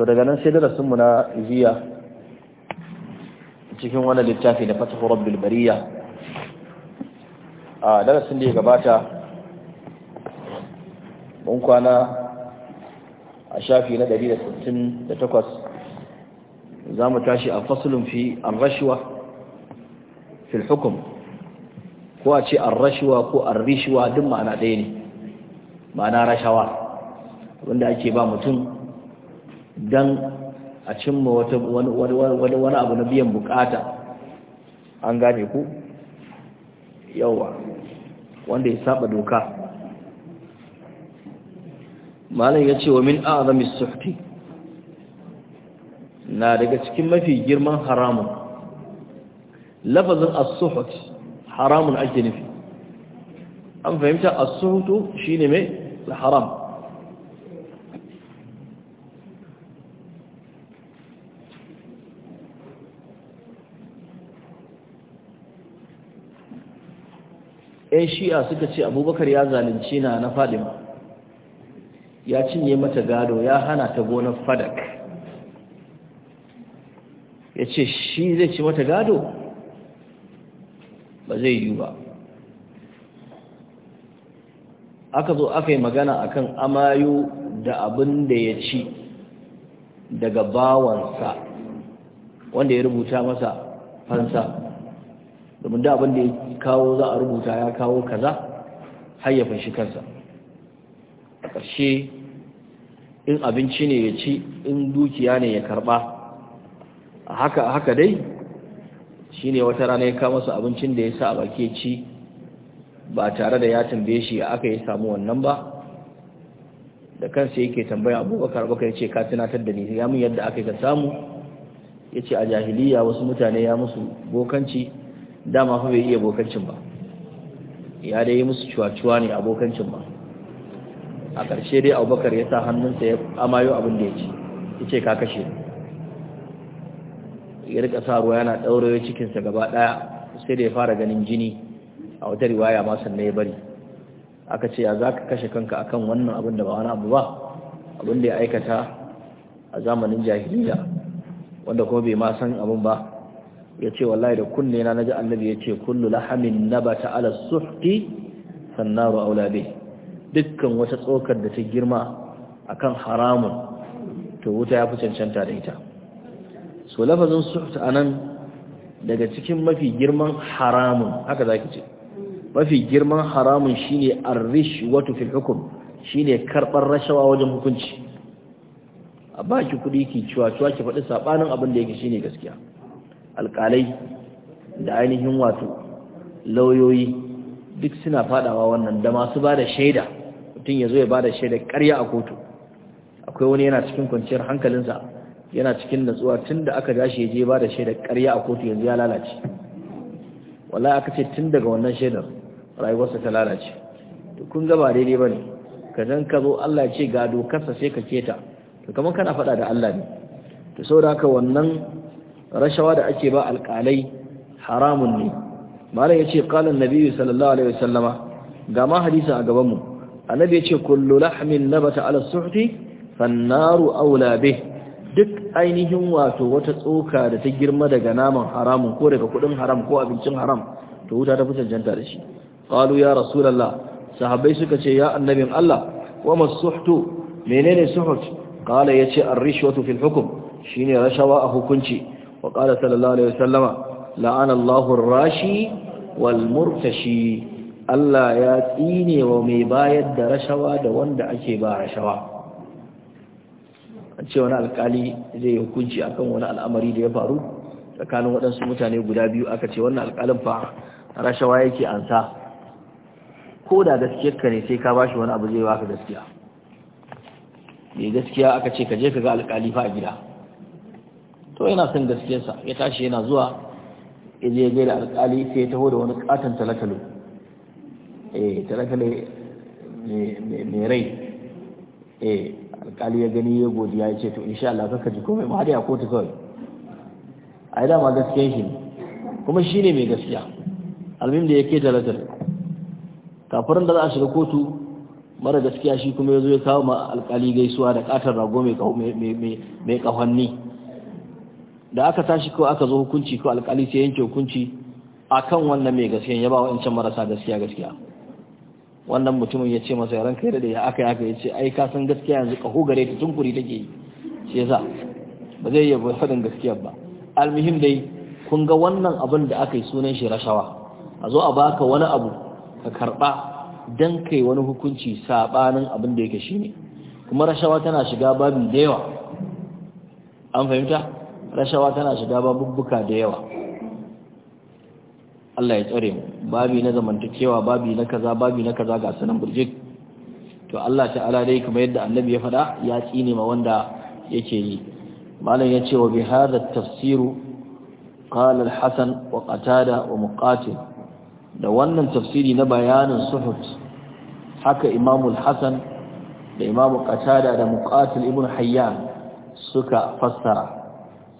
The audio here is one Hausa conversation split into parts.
to daga nan sai darasin mu na jiya cikin wannan littafi da fata rabbil bilbariya a darasin da ya gabata mun kwana a shafi na 168 za mu tashi a fasulun fi an rashuwa fil hukum ko a ce an rashuwa ko an rishuwa duk ma'ana ɗaya ne ma'ana rashawa wanda ake ba mutum don a cimma wani abu na biyan bukata an gane ku yawa wanda ya saba doka malam ya ce wa min azami suhti na daga cikin mafi girman haramun lafazin as-suhut haramun ake nufi an fahimta as-suhutu shine mai haram 'yan shi'a suka ce abubakar ya zalunci na na fadima ya cinye mata gado ya hana ta gonar fadak ya ce shi zai ci mata gado ba zai yi ba aka zo aka yi magana akan amayu da abin da ya ci daga bawansa wanda ya rubuta masa fansa domin da abin da ya kawo za a rubuta ya kawo kaza har ya kansa a ƙarshe in abinci ne ya ci in dukiya ne ya karba a haka dai shi ne wata rana ya kawo masu abincin da ya sa a baki ci ba tare da ya tambaye shi aka yi samu wannan ba da kansa yake tambaya abubakar baka ya ce ka tunatar da ni ya mun yadda aka yi ka samu ya ce a jahiliya wasu mutane ya musu bokanci dama fa bai iya bokancin ba ya dai yi musu cuwa-cuwa ne abokancin ba a ƙarshe dai abubakar ya sa hannunsa ya amayo abin da ya ci ya ce ka kashe ya rika sa ruwa yana ɗaurewa cikinsa gaba ɗaya sai da ya fara ganin jini a wata riwaya ma sannan ya bari aka ce ya za ka kashe kanka a kan wannan abin da ba wani abu ba abin da ya aikata a zamanin jahiliya wanda kuma bai ma san abin ba ya ce wallahi da kunne na naji annabi ya ce kullu lahamin nabata ala suhti sannaru aulabe dukkan wata tsokar da ta girma akan haramun to wuta ya fi cancanta da ita so lafazin suht anan daga cikin mafi girman haramun haka zaki ce mafi girman haramun shine arrish wato fil hukum shine karbar rashawa wajen hukunci a baki kudi ki ciwa ciwa ki faɗi sabanin abin da yake shine gaskiya alƙalai da ainihin wato lauyoyi duk suna fadawa wannan da masu ba da shaida mutum ya zo ya ba da shaida ƙarya a kotu akwai wani yana cikin kwanciyar hankalinsa yana cikin natsuwa tun da aka gashi ya je ba da shaida ƙarya a kotu yanzu ya lalace wallahi aka ce tun daga wannan shaidar rayuwarsa ta lalace to kun ga ba daidai bane ka zan ka zo Allah ya ce ga dokarsa sai ka keta to kamar kana faɗa da Allah ne to saboda haka wannan rashawa da ake ba alƙalai haramun ne malam yace qala annabi sallallahu alaihi wasallama ga ma hadisi a gaban mu annabi yace kullu lahmin nabata ala suhti fannaru aula bih duk ainihin wato wata tsoka da ta girma daga naman haramun ko daga kudin haram ko abincin haram to wuta ta fi cancanta da shi qalu ya rasulullah sahabbai suka ce ya annabin Allah wa masuhtu menene suhut qala yace ar-rishwatu fil hukm shine rashawa a hukunci wa qala sallallahu alaihi wasallama la'ana Allahu rashi wal murtashi Allah ya tsinewa mai bayar da rashawa da wanda ake ba rashawa an ce wani alkali zai hukunci akan wani al'amari da ya faru tsakanin waɗansu mutane guda biyu aka ce wannan alkalin fa rashawa yake ansa ko da ka ne sai ka bashi wani abu zai baka gaskiya mai gaskiya aka ce ka je ka ga alkali fa a gida to yana son gaskiyarsa ya tashi yana zuwa ya je da alkali sai ya taho da wani katon talakalo eh talakalo mai rai eh alkali ya gani ya godiya ya ce to insha Allah kaka ji komai ma ya kotu kawai ai dama gaskiyar shi kuma shi ne mai gaskiya albim da yake talakalo kafirin da za a shiga kotu mara gaskiya shi kuma ya zo ya kawo ma alkali gaisuwa da katon rago mai kahonni da aka tashi ko aka zo hukunci ko alkali sai yanke hukunci akan wannan mai gaskiya ya ba incan marasa gaskiya gaskiya wannan mutumin ya ce masa yaran kai da ya aka yaka ya ce ai ka san gaskiya yanzu kaho gare ta tunkuri take yi shi yasa ba zai yi faɗin gaskiyar ba almuhim dai kun ga wannan abin da aka yi sunan shi rashawa a zo a baka wani abu ka karɓa dan kai wani hukunci sabanin abin da yake shine kuma rashawa tana shiga babin da yawa an fahimta rashawa tana shiga babubbuka da yawa Allah ya tsare mu babi na zamantakewa babi na kaza babi na kaza ga sanan burjik to Allah ta'ala dai kuma yadda annabi ya fada ya tsine ma wanda yake yi malam ya ce wa bi hadha tafsiru qala al-hasan wa qatada wa muqatil da wannan tafsiri na bayanin suhut haka imamu al-hasan da imamu qatada da muqatil ibn hayyan suka fassara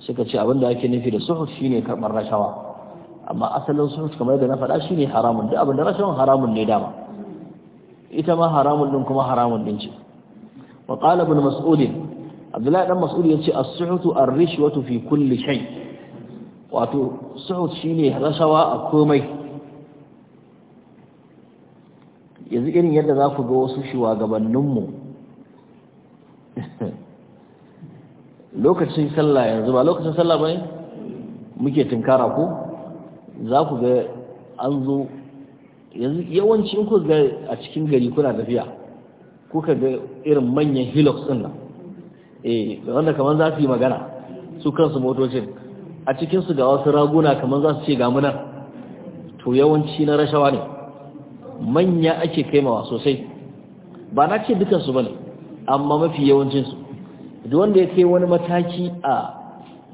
suka ce abinda ake nufi da suhuf shine karbar rashawa amma asalin suhuf kamar da na faɗa shine haramun duk abinda rashawa rashawan haramun ne dama ita ma haramun din kuma haramun din ce wa qala ibn mas'ud abdullahi dan mas'ud yace as suhuf ar-rishwatu fi kulli shay wato suhuf shine rashawa a komai yanzu irin yadda za ku ga wasu shugabanninmu lokacin sallah yanzu ba lokacin sallah ba ne muke tunkara ko za ku ga an zo yanzu yawanci in ku ga a cikin gari kuna tafiya kuka ga irin manyan hilux din nan eh wanda kamar za su yi magana su kansu motocin a cikin su ga wasu raguna kaman za su ce gamunan to yawanci na rashawa ne manya ake kaimawa sosai ba na ce dukansu ba ne amma mafi yawancinsu duk wanda ya kai wani mataki a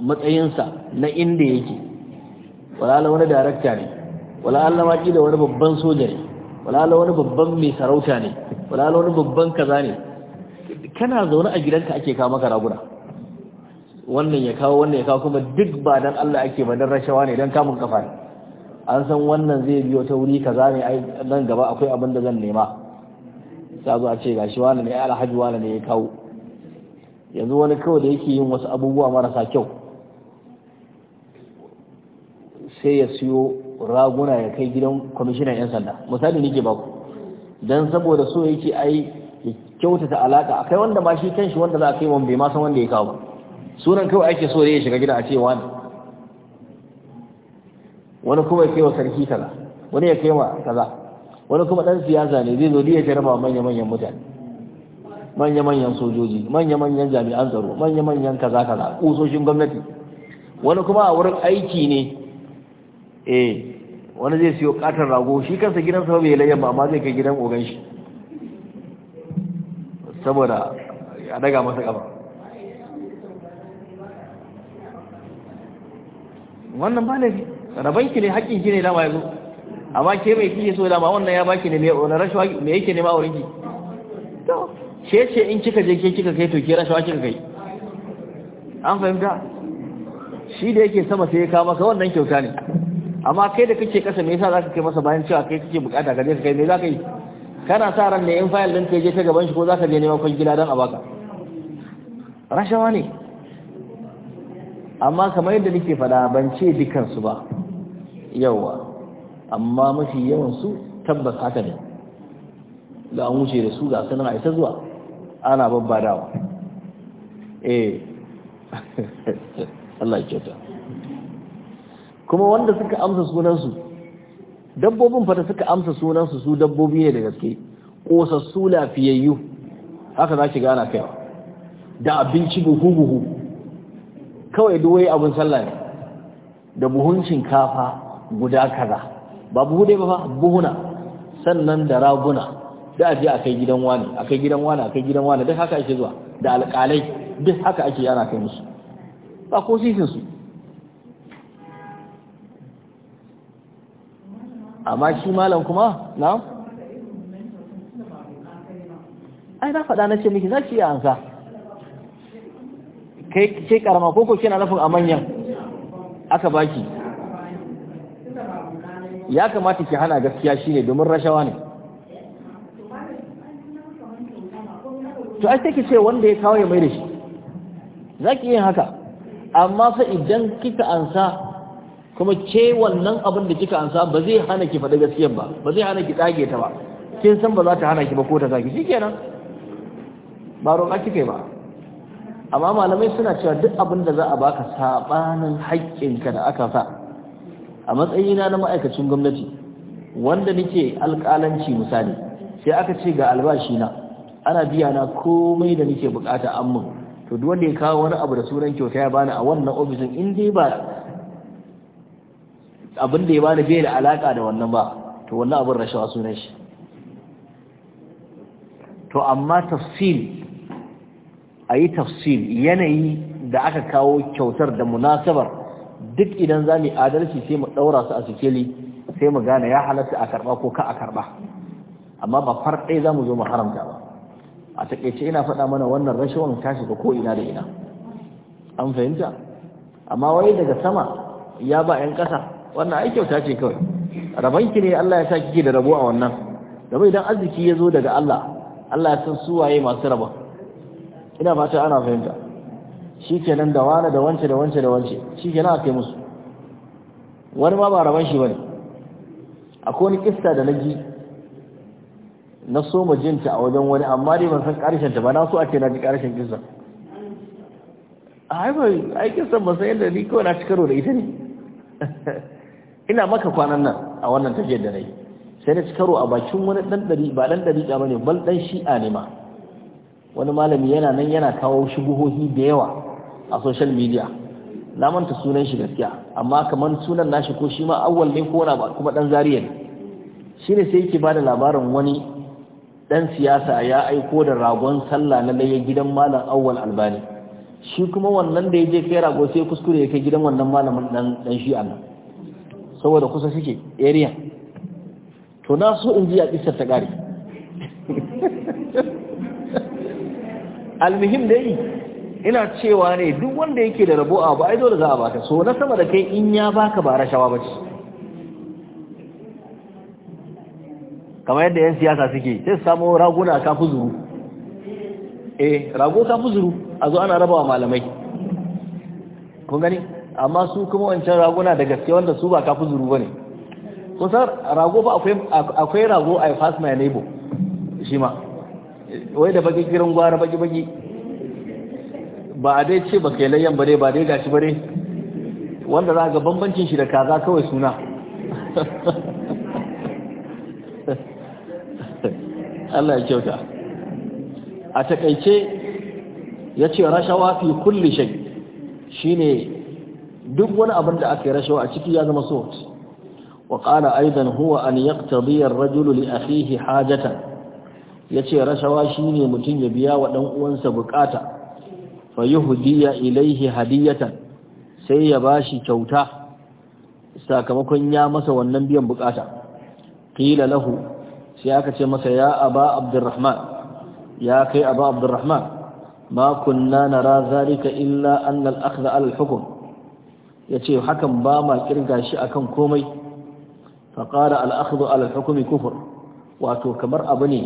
matsayinsa na inda yake wala'ala wani darakta ne wala'ala maki da wani babban soja ne wala'ala wani babban mai sarauta ne wala'ala wani babban kaza ne kana zaune a gidanka ake kawo maka raguna wannan ya kawo wannan ya kawo kuma duk ba dan Allah ake ba dan rashawa ne dan kamun kafa ne an san wannan zai biyo ta wuri kaza ne ai nan gaba akwai abin da zan nema Sabu a ce gashi wani ne alhaji wani ne ya kawo yanzu wani kawai da yake yin wasu abubuwa marasa kyau sai ya siyo raguna ya kai gidan kwamishinan 'yan sanda misali nake baku don saboda so yake ai ya kyautata alaka akai wanda ma shi kanshi wanda za a kai wanda bai ma san wanda ya kawo sunan kawai ake so ya shiga gida a ce wani wani kuma ya kai wa sarki kaza wani ya kai wa kaza wani kuma dan siyasa ne zai zo ya jarabawa manya-manyan mutane manya-manyan sojoji manya-manyan jami'an tsaro manya-manyan kaza-kaza kusoshin gwamnati wani kuma a wurin aiki ne eh wani zai siyo katon rago shi kansa gidan ba mai layyan ba amma zai kai gidan ogan shi saboda a daga masa kafa wannan ba da banki ne haƙƙin ki ne dama yanzu amma ke mai kike so dama wannan ya baki ne mai rashin me yake ma a wurin to ke ce in kika je ke kika kai to ke rashawa kika kai an fahimta shi da yake sama sai ya kawo maka wannan kyauta ne amma kai da kake kasa me yasa zaka kai masa bayan cewa kai kike bukata ka je ka kai me zaka yi kana sa ran ne in fayil din ka je ta gaban shi ko zaka je neman kwangila don a baka rashawa ne amma kamar yadda nake faɗa ban ce dukansu ba yawa amma mafi yawan su tabbas haka ne da an wuce da su ga a isa zuwa ana babbadawa eh Allah ya ta kuma wanda suka amsa sunansu dabbobin fa da suka amsa sunansu su dabbobi ne da gaske kosassu lafiyayyu haka za ki gana kaiwa da abinci buhu-buhu kawai duwai abin sallah ne da buhun shinkafa guda kaza ba buhu dai ba buhuna sannan da raguna da aje a kai gidan wani a kai gidan wani a kai gidan wani duk haka ake zuwa da alƙalai duk haka ake yana kai musu ba ko sisin su amma shi malam kuma na ai na faɗa na ce miki za ki iya ansa kai ce karama koko na nufin a manyan aka baki ya kamata ki hana gaskiya shine domin rashawa ne to ai take ce wanda ya kawo ya mai da shi za yin haka amma fa idan kika ansa kuma ce wannan abin da kika ansa ba zai hana ki faɗi gaskiyar ba ba zai hana ki tsage ta ba kin san ba za ta hana ki ba ko ta zaki shikenan ba ka kike ba amma malamai suna cewa duk abin da za a baka sabanin haƙƙinka da aka sa a matsayina na ma'aikacin gwamnati wanda nake alƙalanci misali sai aka ce ga albashi na ana biya na komai da nake bukata an mun to duk wanda ya kawo wani abu da sunan kyauta ya bani a wannan ofishin in dai ba abin da ya bani bai da alaka da wannan ba to wannan abin rashawa sunan shi to amma tafsil ayi yi tafsil yanayi da aka kawo kyautar da munasabar duk idan za mu adalci sai mu daura su a sikeli sai mu gane ya halatta a karba ko ka a karɓa amma ba far za mu zo mu haramta ba a takaice ina faɗa mana wannan rashawan ta shiga ko ina da ina an fahimta amma wai daga sama ya ba 'yan ƙasa wannan ai kyauta ce kawai rabanki ne Allah ya sa kike da rabo a wannan gaba idan arziki ya zo daga Allah Allah ya san suwaye masu rabon ina fata ana fahimta kenan da wani da wance da wance da wance kenan a kai musu wani ma ba rabon shi bane akwai wani kista da na ji na so mu jinta a wajen wani amma dai ban san karshen ta ba na so a ce na ji karshen kisan ai bai ai kisan ba san yadda ni ko na ci da ita ne ina maka kwanan nan a wannan tafiyar da nayi sai na ci karo a bakin wani dan dari ba dan dari ba ne bal dan shi'a ne ma wani malami yana nan yana kawo shubuhohi da yawa a social media na manta sunan shi gaskiya amma kamar sunan nashi ko shi ma awwal ne ko wani kuma dan zariya ne shine sai yake bada labarin wani dan siyasa ya aiko da ragon sallah na laye gidan malam awwal albani shi kuma wannan da ya je kai rago sai kuskure ya kai gidan wannan malamin dan dan shi Allah saboda kusa suke area to na so in ji a kissar ta gari almuhim dai ina cewa ne duk wanda yake da rabo abu ai dole za a baka so na sama da kai in ya baka ba rashawa bace kamar yadda 'yan siyasa suke sai su rago raguna ka fuzuru eh rago ka fuzuru a zo ana raba wa malamai kun gani amma su kuma wancan raguna da gaske wanda su ba ka fuzuru ba ne kun rago ba akwai rago a fast my neighbor shi ma wai da baki kiran gwara baki baki ba a dai ce ba kai layyan bare ba dai gashi bare wanda za ga bambancin shi da kaza kawai suna Allah ya kyauta a takaice ya ce rashawa fi kulli Shi ne. duk wani abin da aka yi rashawa a ciki ya zama so wa ƙana aizan huwa an yaqtadi ar-rajulu li hajjata. Ya ce rashawa shi ne mutum ya biya wa ɗan’uwansa uwansa bukata fa hudiya ilaihi hadiyatan sai ya ba shi kyauta sakamakon ya masa wannan biyan bukata Ƙila lahu sai aka ce masa ya aba abdurrahman ya kai aba abdurrahman ma kunna nara zalika illa anna akhdha al-hukm yace hakan ba ma kirga shi akan komai fa qala al-akhdhu al-hukmi kufr wato kamar abu ne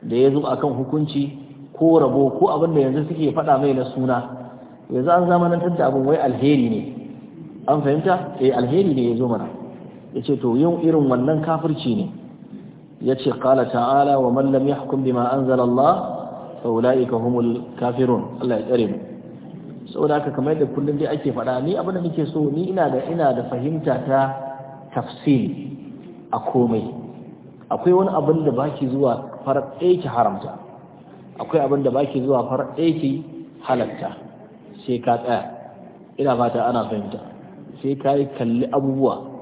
da yazo akan hukunci ko rabo ko abin da yanzu suke faɗa mai na suna yanzu an zamanantar da abin wai alheri ne an fahimta eh alheri ne yazo mana yace to yin irin wannan kafirci ne yace qala ta'ala wa man lam yahkum bima anzala Allah fa ulaika humul kafirun Allah ya tsare mu saboda haka kamar yadda kullum dai ake faɗa ni abin da nake so ni ina da ina da fahimta ta tafsiri a komai akwai wani abin da baki zuwa farar ɗaya ki haramta akwai abin da baki zuwa farar ɗaya ki halatta sai ka tsaya ina fata ana fahimta sai ka yi kalli abubuwa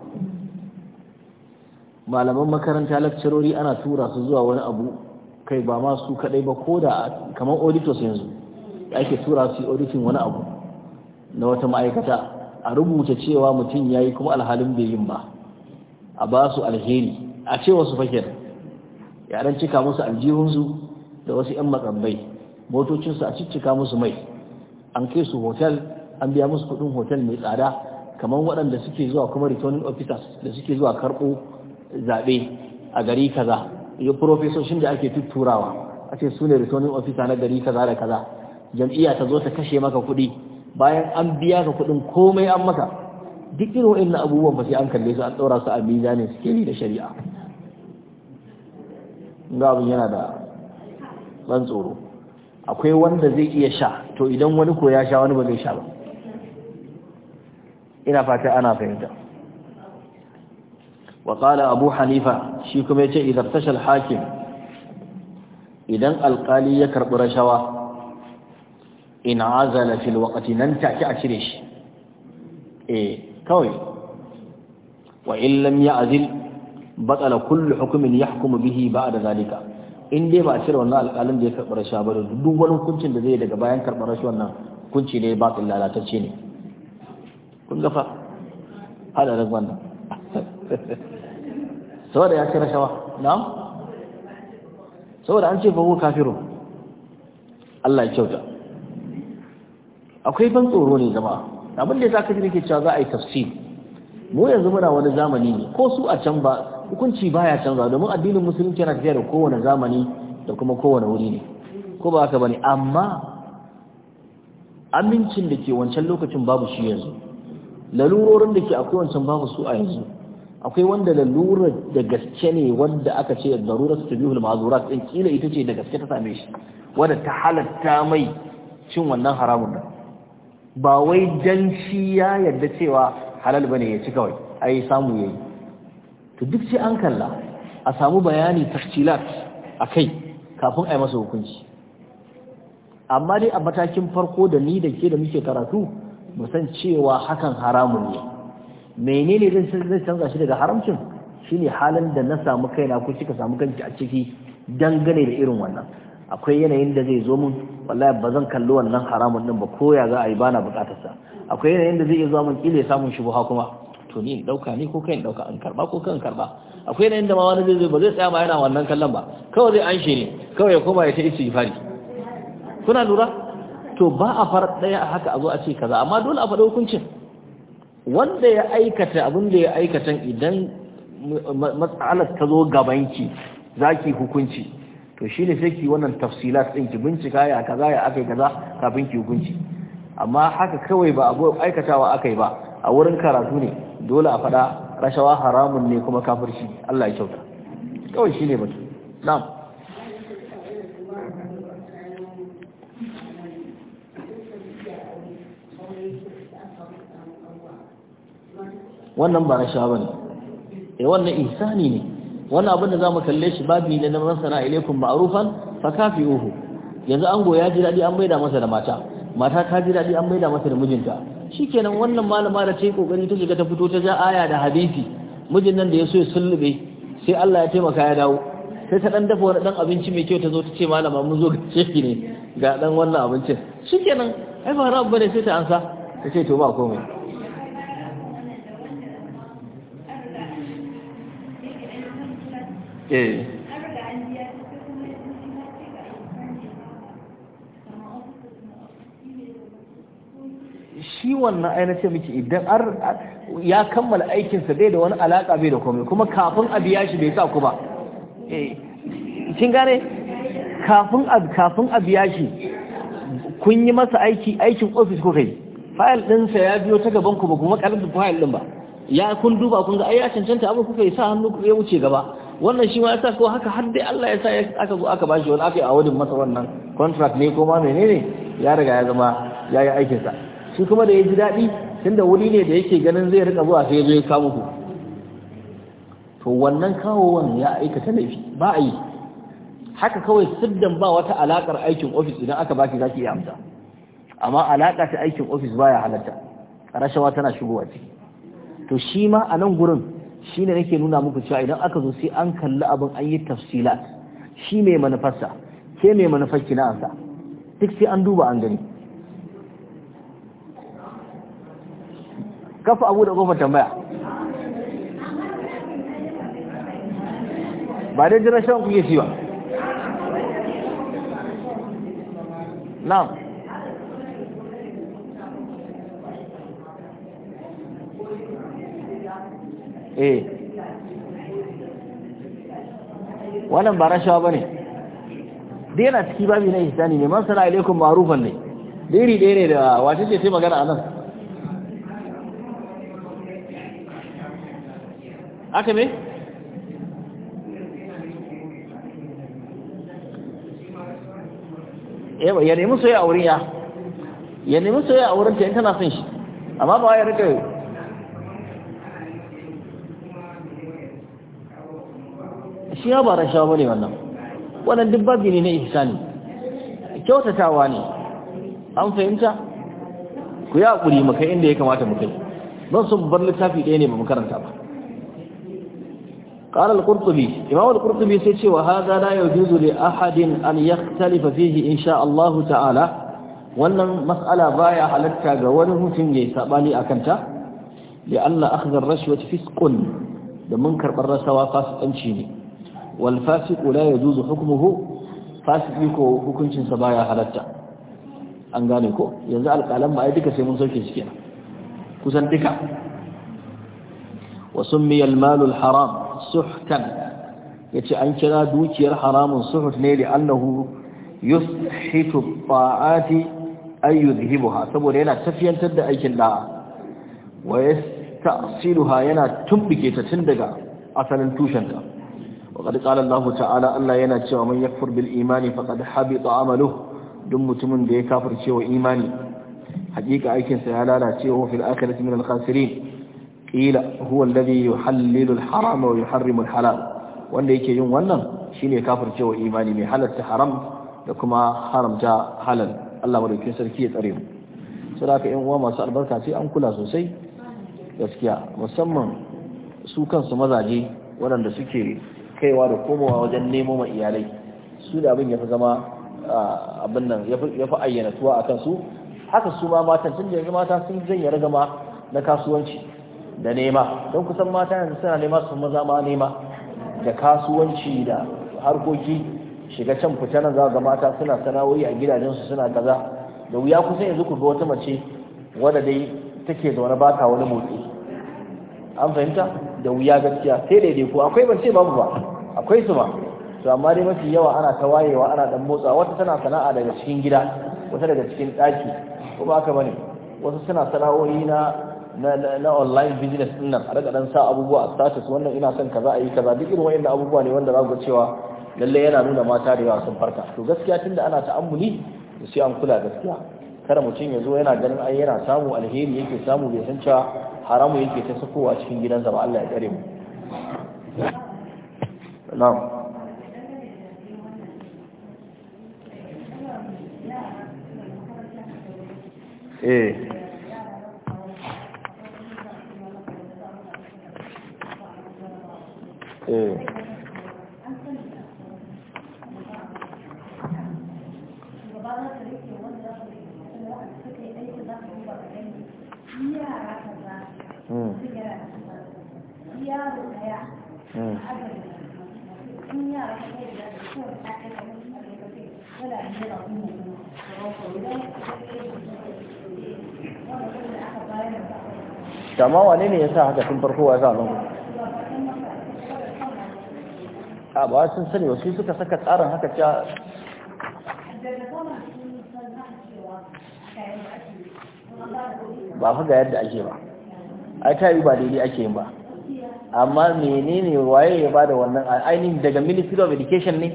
malaman makaranta lakcarori ana tura su zuwa wani abu kai ba ma su kadai ba ko da kamar auditors yanzu ake tura su auditing wani abu na wata ma'aikata a rubuta cewa mutum ya yi kuma alhalin bai yin ba a ba su alheri a ce wasu fakir yaran cika musu aljihunsu da wasu 'yan makambai motocinsu a ciccika musu mai an kai su hotel an biya musu kudin hotel mai tsada kamar waɗanda suke zuwa kuma returning officers da suke zuwa karɓo zaɓe a gari kaza yi profesoshin da ake tutturawa a ce su ne returning officer na gari kaza da kaza jam'iyya ta zo ta kashe maka kuɗi bayan an biya ka kuɗin komai an maka duk irin na abubuwan ba sai an kalle su an ɗora su a ne suke ni da shari'a ga abin yana da ban tsoro akwai wanda zai iya sha to idan wani ko ya sha wani ba zai sha ba ina fata ana fahimta وقال أبو حنيفة شيكم يتي إذا ارتشى الحاكم إذا القالي يكرب رشوة إن عزل في الوقت ننتع كأشريش إيه كوي وإن لم يعزل بطل كل حكم يحكم به بعد ذلك in dai ba a cire wannan alƙalin da ya karɓi rashawa ba da duk wani hukuncin da zai daga bayan karɓar rashawan nan hukunci ne ba lalata ce ne kun gafa wannan saboda ya ce rashawa na'am saboda an ce fa kafiru Allah ya kyauta akwai ban tsoro ne zama. abin da ya saka nake cewa za a yi tafsir mu yanzu muna wani zamani ne ko su a can ba hukunci baya canza domin addinin musulunci yana tafiya da kowane zamani da kuma kowane wuri ne ko ba haka bane amma amincin da ke wancan lokacin babu shi yanzu lalurorin da ke akwai wancan babu su a yanzu akwai wanda lalura da gaske ne wanda aka ce lalura su tabihul ma'azurat in kila ita ce da gaske ta same shi wadda ta halatta mai cin wannan haramun nan ba wai dan shi ya yarda cewa halal bane ya ci kawai ai samu yayi to duk sai an kalla a samu bayani a kai kafin a yi masa hukunci amma dai a matakin farko da ni da ke da muke karatu mu san cewa hakan haramun ne menene zai zai canza shi daga haramcin Shi ne halin da na samu kaina ko ka samu kanki a ciki dangane da irin wannan akwai yanayin da zai zo mun wallahi ba zan kalli wannan haramun din ba ko ya za a yi bana bukatar sa akwai yanayin da zai iya min mun ya samun shubha kuma to ni in dauka ni ko kai in dauka an karba ko kan karba akwai yanayin da ma wani zai zo ba zai tsaya ma yana wannan kallon ba kawai zai an ne kawai ya koma ya ta istighfari kuna lura to ba a fara daya haka a zo a ce kaza amma dole a faɗa hukuncin wanda ya aikata abin da ya aikata idan matsalar ta zo gabanki zaki hukunci to shi ne sai ki wannan tafsilat ɗin ki bincika ya kaza ya aka kaza kafin ki hukunci amma haka kawai ba abu aikatawa aka yi ba a wurin karatu ne dole a faɗa rashawa haramun ne kuma kafirci Allah ya kyauta kawai shi ne batu na'am wannan ba ba ne. eh wannan isani ne wannan abin da mu kalle shi babi ne na masana ilaikum ma'rufan uku. yanzu ango ya ji daɗi an maida masa da mata mata ta ji dadi an maida masa da mijinta shikenan wannan malama da ta yi kokari ta shiga ta fito ta ja aya da hadisi mijin nan da ya so ya sullube sai Allah ya taimaka ya dawo sai ta dan dafa wani dan abinci mai kyau ta zo ta ce malama mun zo ga ne ga dan wannan abincin shikenan ai ba ne sai ta ansa ta ce to ba komai eh shi wannan ce miki idan ya kammala aikinsa bai da wani alaƙa bai da komai kuma kafin a biya shi bai sa ku ba eh. kin gane kafin kafin a biya shi kun yi masa aiki aikin ofis kuka yi fayil ɗinsa ya biyo ta gaban ku ba kuma karanta fayil ɗin ba ya kun duba kun ga ai ya cancanta abin kuka yi sa hannu ya wuce gaba wannan shi ma ya ko haka har dai Allah ya sa aka zo aka bashi wani aka yi awadin masa wannan contract ne ko ma menene ya riga ya zama ya yi aikinsa shi kuma da ya ji daɗi tunda wuri ne da yake ganin zai rika zuwa sai ya zo ya kawo ku to wannan kawowan ya aikata laifi ba a yi haka kawai siddan ba wata alaƙar aikin ofis idan aka baki zaki iya amsa amma alaƙa ta aikin ofis baya halatta Karashawa tana shigowa ciki to shi ma a nan gurin Shi ne nake nuna muku cewa idan aka zo sai an kalli abin an yi tafsilat shi mai manufarsa ke mai manufar ansa duk sai an duba an gani kafa abu da kofar tambaya ba dai jiran shan kuke siwa na'am eh wannan ba rashawa bane dai na ciki babi na ihsani ne man sana alaikum ma'rufan ne diri ɗaya ne da wace ce sai magana anan aka me eh, ya nemi soyayya a wurin ya ya nemi soyayya a wurin ta in tana son shi amma ba ya rika shi ya ba rashawa bane wannan wannan duk babi ne na ihsani kyautatawa ne an fahimta ku yi hakuri mu kai inda ya kamata mu kai ban so bar littafi ɗaya ne ba mu karanta ba قال القرطبي إمام القرطبي سيتي وهذا لا يجوز لأحد أن يختلف فيه إن شاء الله تعالى wannan mas'ala baya halatta ga wani mutum yayi sabani akan ta li anna akhdha ar-rashwati fisqun da mun karbar rasawa fasikanci ne wal fasiqu la yajuzu hukmuhu fasiki ko hukuncin sa baya halatta an gane yanzu alƙalan ba ai duka sai mun sauke shi kenan kusan duka wa summiya al-malul haram suhtan yace an kira dukiyar haramun suhut ne li annahu yushitu ta'ati ay yudhibuha saboda yana tafiyantar da aikin da'a wa yastasiluha yana tumbike tun daga asalin tushenta faqad qala Allah ta'ala Allah yana cewa man yakfur bil imani faqad habita amaluhu duk mutumin da ya kafirce wa imani hakika aikinsa ya lalace wa fil akhirati min al khasirin qila huwa alladhi yuhallilu al haram wa halal wanda yake yin wannan shine kafirce imani mai halarta haram da kuma haramta halal Allah madaukakin sarki ya tsare mu saboda yan uwa masu albarka sai an kula sosai gaskiya musamman su kansu mazaje waɗanda suke kaiwa da komowa wajen nemo ma iyalai su da abin ya fi zama abin nan ya fi ayyana tuwa a kansu haka su ma matan tun da yanzu mata sun yara ragama na kasuwanci da nema don kusan mata yanzu suna nema su maza ma nema da kasuwanci da harkoki shiga can fita nan za ga mata suna sana'o'i a gidajensu suna kaza da wuya kusan yanzu ku ga wata mace wadda dai take zaune ba ta wani motsi an fahimta da wuya gaskiya sai daidai ko akwai ban ce babu ba akwai su ba to amma dai mafi yawa ana ta wayewa ana dan motsa wata tana sana'a daga cikin gida wata daga cikin ɗaki ko ba haka bane wasu suna sana'o'i na na online business din nan a daga dan sa abubuwa a status wannan ina son kaza a yi kaza duk irin da abubuwa ne wanda za ku cewa lalle yana nuna mata da yawa sun farka to gaskiya tunda ana ta ta'ammuli sai an kula gaskiya kada mutum ya zo yana ganin ai yana samu alheri yake samu bai san cewa haramu yake ta sakowa a cikin gidan zama Allah ya kare mu na'am eh eh kama wane ne ya sa haka sun farko ya zanen ku? A ba sun sani wasu suka saka tsarin haka cewa ba haka yadda ake ba. Ai ta yi ba daidai ake yin ba. amma menene waye ya bada wannan ainihin daga ministry of education ne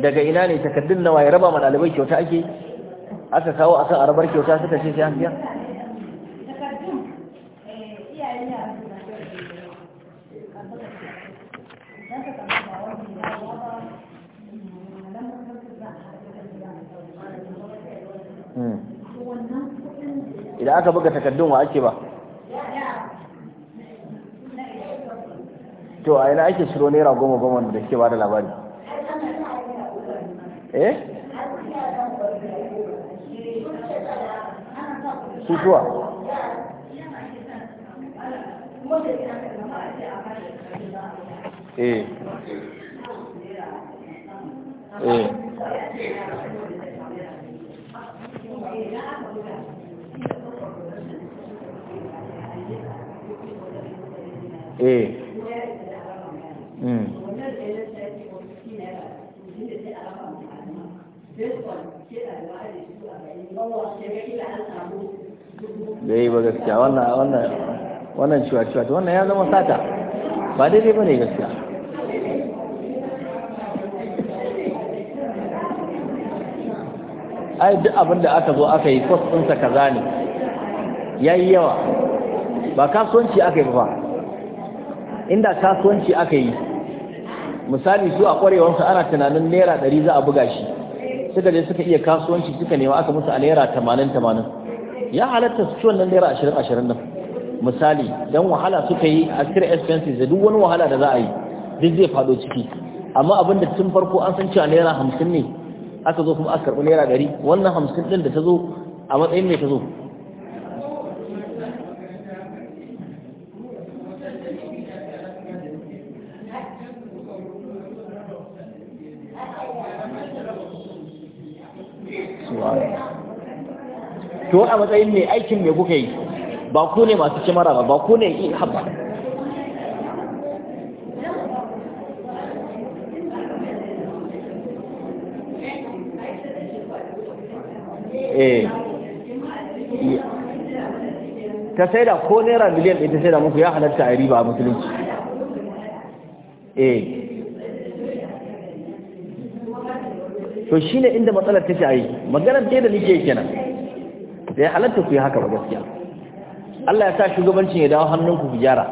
daga ina ne takaddun nawa ya raba ma dalibai kyauta ake aka kawo akan arabar kyauta suka ce sai an hmm. idan aka buga takaddun wa ake ba to a yana ake shiro naira goma goma da ke ba da labari eh su zuwa eh eh yi ba gaskiya wannan wannan wannan wannan ya zama sata ba daidai ba ne gaskiya ai duk abin da aka zo aka yi kwas ɗinsa kaza ne ya yi yawa ba kasuwanci aka yi ba inda kasuwanci aka yi misali su a ƙwarewarsa ana tunanin naira ɗari za a buga shi suka je suka iya kasuwanci suka nema aka musu a naira tamanin tamanin ya halatta su ci wannan naira ashirin ashirin nan misali don wahala suka yi a kira expenses da duk wani wahala da za a yi duk zai fado ciki amma abin da tun farko an san cewa naira hamsin ne aka zo kuma aka karɓi naira ɗari wannan hamsin ɗin da ta zo a matsayin ne ta zo to a matsayin mai aikin mai kuka yi ba ku ne masu kimara ba ba ku ne yi haɓa eh. ta sai da ko naira miliyan ɗaya ta sai da muku ya halatta a riba a musulunci eh to ne inda matsalar shi a yi maganar da nike kenan sai halatta ku yi haka ba gaskiya Allah ya sa shugabancin ya dawo hannunku ku gyara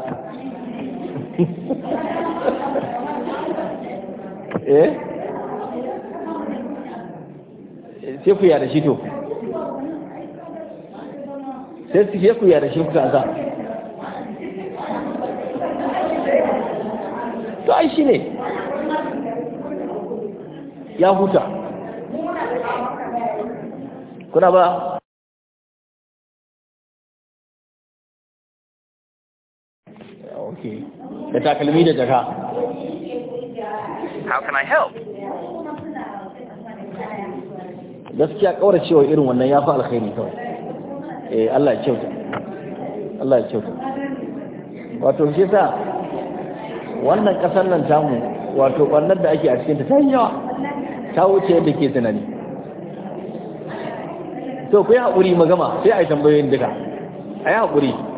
eh sai ku yada shi to sai su ku yada shi ku za to ai shi ne ya huta kuna ba takalmi da jaka how can i help gaskiya cewa irin wannan ya fi alkhairi kawai eh Allah ya kyauta Allah ya kyauta wato shi sa wannan kasar nan tamu wato ɓarnar da ake a cikin ta yawa ta wuce yadda ke tunani to ku yi haƙuri magama sai a yi tambayoyin duka a yi haƙuri